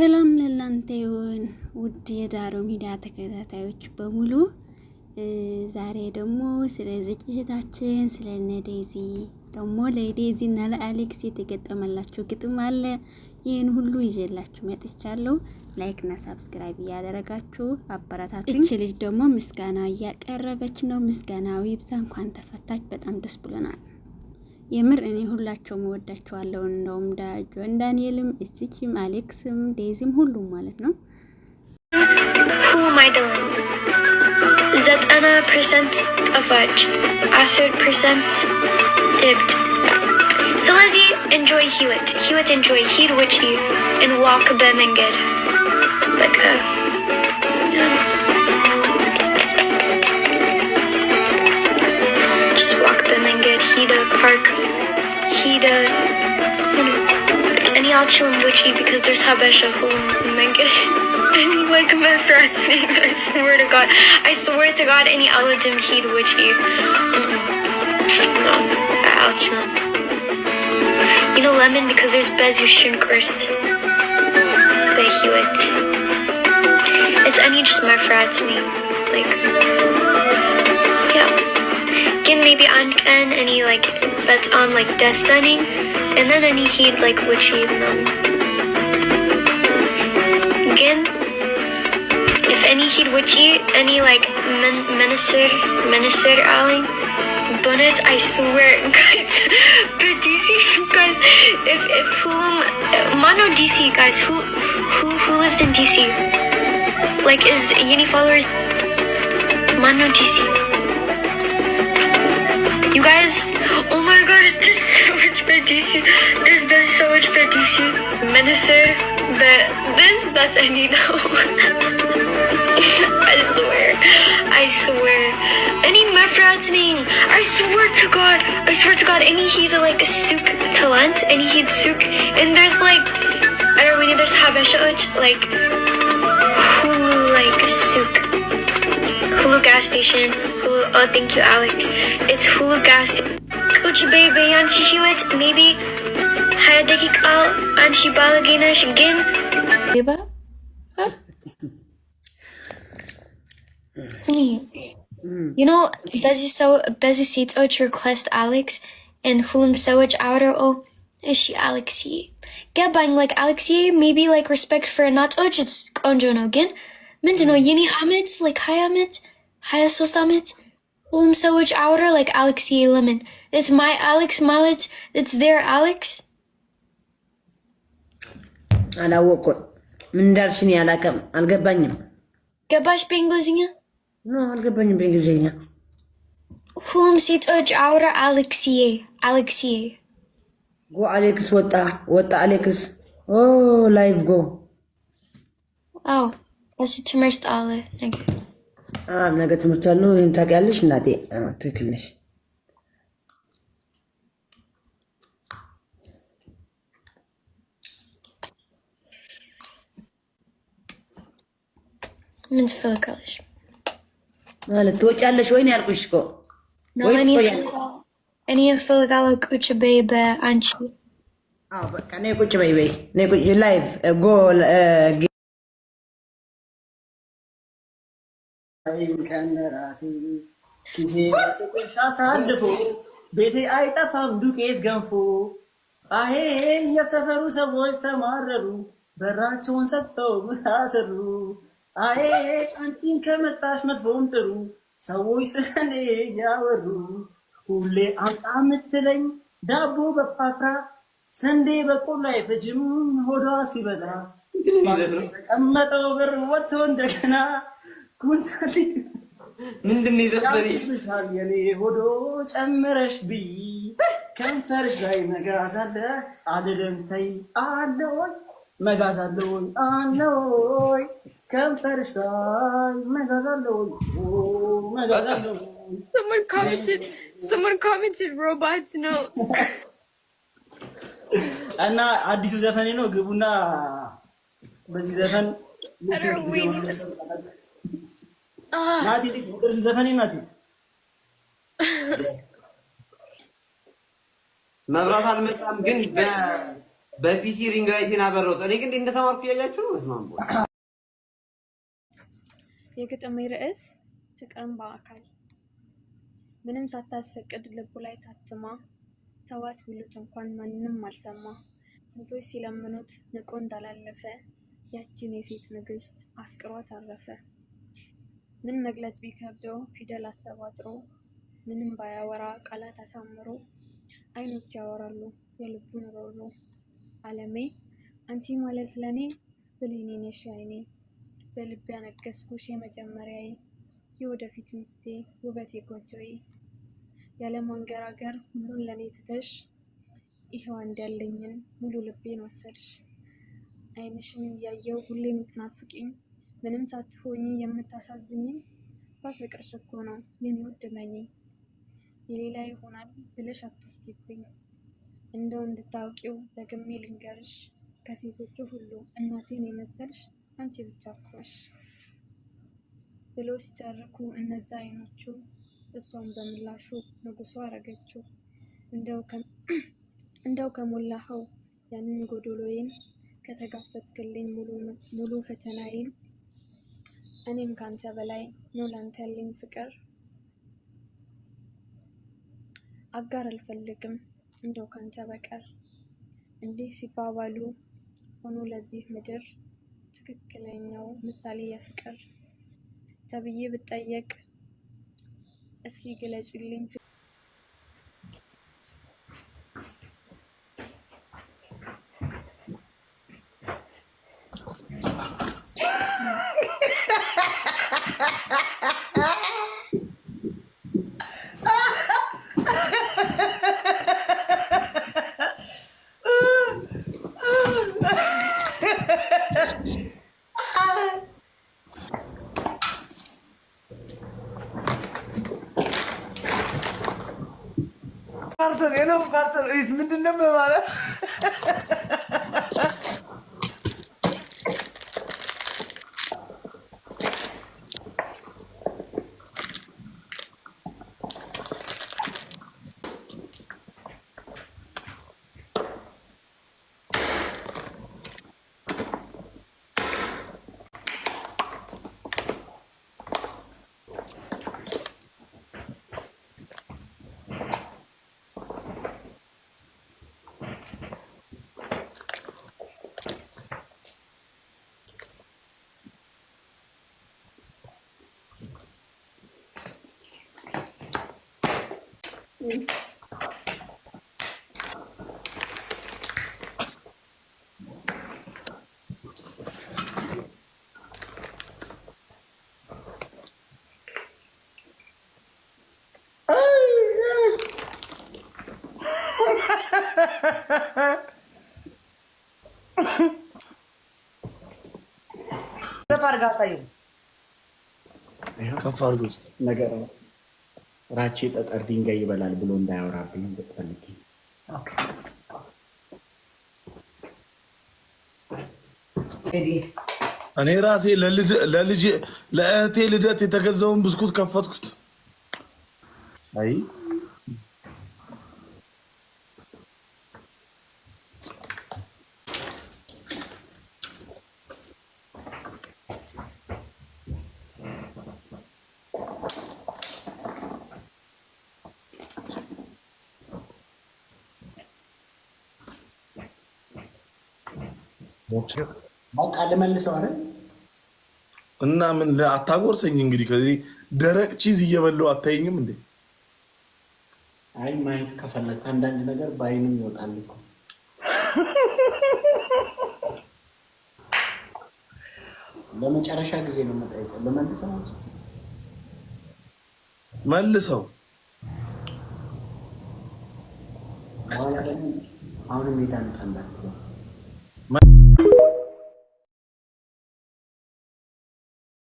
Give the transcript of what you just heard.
ሰላም ለእናንተ ይሁን ውድ የዳሮ ሚዲያ ተከታታዮች በሙሉ። ዛሬ ደግሞ ስለ ዝግጅታችን ስለ እነ ደግሞ ለዴዚ እና ለአሌክስ የተገጠመላቸው ግጥም አለ። ይህን ሁሉ ይዤላችሁ መጥቻለሁ። ላይክ እና ሳብስክራይብ እያደረጋችሁ አበረታቱ። እች ልጅ ደግሞ ምስጋና እያቀረበች ነው። ምስጋናዊ ብዛ እንኳን ተፈታች። በጣም ደስ ብሎናል። የምር እኔ ሁላቸውም እወዳቸዋለሁ። እንደውም ጆን ዳንኤልም፣ እስቲችም፣ አሌክስም፣ ዴዚም ሁሉም ማለት ነው። oh ዘጠና ፐርሰንት ጣፋጭ፣ አስር ፐርሰንት እብድ። ስለዚህ ኢንጆይ ህይወት ህይወት ኢንጆይ ሂድ ውጪ እንዋክ በመንገድ በቃ በመንገድ ሂደ ፓርክ any And he also witchy because there's Habesha who in Mengish. And like my friend's name, I swear to God. I swear to God, any Aladdin he'd witchy. Mm-mm. No, um, You know lemon because there's Bezushin cursed. Behewit. It's any just my friend's name. Like maybe on Ken and he like bets on like Destiny, and then any he'd like which he'd know. Again, if any he'd which he any like men- minister minister Ali, Bonnet, I swear guys, but DC guys, if if who mono DC guys who who who lives in DC, like is uni followers mono DC. You guys, oh my god, it's just so much Betisi. this just so much Betisi. Minister, but this, that's no I swear. I swear. Any name I swear to God. I swear to God. Any he's like souk to lunch. Any he's souk. And there's like, I don't know, there's habesha, like, who like souk gas station. oh, thank you, Alex. It's Hulu gas station. Uchibe beyan shihiwet, maybe hayadekik al anshibalagina shigin. Diba? Huh? me. Hmm. You know, Bezu so Bezu seats out request Alex and Hulum Sewage outer oh is she Alexi? Get like Alexi, maybe like respect for not oh it's Onjo Nogin. no Yini Amit, like hi Amit. ሶስት ዓመት ሁሉም ሰዎች አውረ ላይክ አሌክስ ለምን ስ ማይ አሌክስ ማለት ስ ር አሌክስ አላወቁም ምን እንዳልሽኝ አላውቅም፣ አልገባኝም። ገባሽ? በእንግሊዝኛ አልገባኝም። በእንግሊዝኛ ሁሉም ሴቶች አውረ አሌክስዬ አሌክስዬ ጎ አሌክስ ወጣ ወጣ አሌክስ ላይቭ ጎ አው እሱ ትምህርት አለ ነገር ነገ ትምህርት አለው። ይህን ታውቂያለሽ እናቴ? ትክክል ነሽ። ምን ትፈልጋለሽ? ማለት ትወጫለሽ ወይ ነው ያልኩሽ እኮ። እኔ እፈልጋለሁ ቁጭ በይ በአንቺ። በቃ ነይ ቁጭ በይ በይ፣ ላይቭ ጎ አሳልፎ ቤቴ አይጠፋም ዱቄት ገንፎ አሄ የሰፈሩ ሰዎች ተማረሩ በራቸውን ሰጥተው አሰሩ። አሄ አንቺን ከመጣሽ መጥፎም ጥሩ ሰዎች ስለኔ እያወሩ ሁሌ አምጣ ምትለኝ ዳቦ በፓትራ ስንዴ በቆሎ አይፈጅም ሆዷ ሲበላ ተቀመጠው ብር ወጥቶ እንደገና ጉንታሌ ምንድን ነው የኔ ሆዶ ጨምረሽ ብይ ከንፈርሽ ላይ መጋዝ አለ አልልም ተይ አለወይ መጋዝ አለወይ አለወይ ከንፈርሽ ላይ መጋዝ አለወይ መጋዝ አለወይ Someone commented. Someone commented robots ነው እና አዲሱ ዘፈኔ ነው። ግቡና በዚህ ዘፈን ናቲ ልጅ ዘፈኔ ናቲ መብራት አልመጣም፣ ግን በፒሲ ሪንግ ላይቴን አበረውት። እኔ ግን እንደተማርኩ እያያችሁ ነው። መስማም ቦ የግጥሜ ርዕስ ፍቅርን በአካል ምንም ሳታስፈቅድ ልቡ ላይ ታትማ ተዋት ቢሉት እንኳን ማንም አልሰማ ስንቶች ሲለምኑት ንቆ እንዳላለፈ ያችን የሴት ንግስት አፍቅሯት አረፈ። ምን መግለጽ ቢከብደው ፊደል አሰባጥሮ ምንም ባያወራ ቃላት አሳምሮ አይኖች ያወራሉ የልቡን ሮሮ አለሜ አንቺ ማለት ለኔ ብሌኔ ነሽ አይኔ በልቤ ያነገስኩሽ የመጀመሪያዬ የወደፊት ሚስቴ ውበቴ ቆንጆዬ ያለማንገራገር ሁሉን ለኔ ትተሽ ይኸው አንድ ያለኝን ሙሉ ልቤን ወሰድሽ አይንሽን እያየው ሁሌ የምትናፍቂኝ ምንም ሳትሆኝ የምታሳዝኝኝ በፍቅርሽ እኮ ነው የኔ ውድ የሌላ ይሆናል ብለሽ አትስጊብኝ። እንደው እንድታውቂው በግሜ ልንገርሽ ከሴቶቹ ሁሉ እናቴን የመሰልሽ አንቺ ብቻ እኮ ብሎ ሲተርኩ እነዛ አይኖቹ እሷን በምላሹ ንጉሷ አረገችው። እንደው ከሞላኸው ያንን ጎዶሎዬን ከተጋፈጥክልኝ ሙሉ ፈተናዬን እኔም ከአንተ በላይ ነው ላንተ ያለኝ ፍቅር። አጋር አልፈልግም እንደው ካንተ በቀር። እንዲህ ሲባባሉ ሆኖ ለዚህ ምድር ትክክለኛው ምሳሌ የፍቅር ተብዬ ብጠየቅ እስኪ ግለጭልኝ። Kartın, enam kartın. İsmini dinlemiyorum hala. aqui. Kafa Vargas saiu. Kafa Vargas. Nagara. ራቼ ጠጠር ድንጋይ ይበላል ብሎ እንዳያወራብኝ ፈልጌ እኔ ራሴ ለልጄ ለእህቴ ልደት የተገዛውን ብስኩት ከፈትኩት። አይ በቃ ልመልሰው አይደል እና ምን አታጎርሰኝ እንግዲህ ከዚህ ደረቅ ቺዝ እየበለው አታየኝም እንዴ? አይ ማየት ከፈለግ አንዳንድ ነገር በአይንም ይወጣል እኮ ለመጨረሻ ጊዜ ነው የምጠይቀው። ለመልሰው መልሰው አሁንም ሜዳ እንጠንዳት